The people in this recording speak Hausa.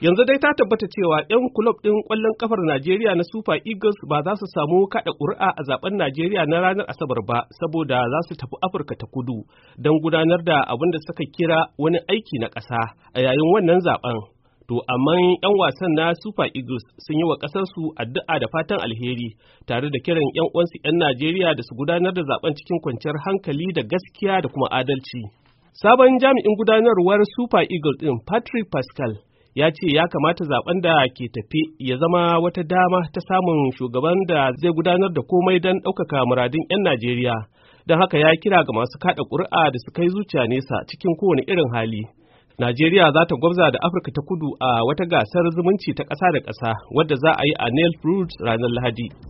Yanzu dai ta tabbata cewa 'yan kulob ɗin ƙwallon ƙafar Najeriya na Super Eagles ba za su samu kaɗa ƙuri'a a zaben Najeriya na ranar Asabar ba saboda za su tafi Afirka ta kudu don gudanar da abin da suka kira wani aiki na ƙasa a yayin wannan zaben. To amma 'yan wasan na Super Eagles sun yi wa ƙasarsu addu'a da fatan alheri tare da kiran 'yan uwansu 'yan Najeriya da su gudanar da zaben cikin kwanciyar hankali da gaskiya da kuma adalci. Sabon jami'in gudanarwar Super Eagles ɗin Patrick Pascal ya ce ya kamata zaben da ke tafi ya zama wata dama ta samun shugaban da zai gudanar da komai don ɗaukaka muradin 'yan Najeriya. Don haka ya kira ga masu kaɗa ƙuri'a da su kai zuciya nesa cikin kowane irin hali. Najeriya za ta gwabza da Afirka ta kudu a wata gasar zumunci ta ƙasa da ƙasa wadda za a yi a Nelfruit ranar Lahadi.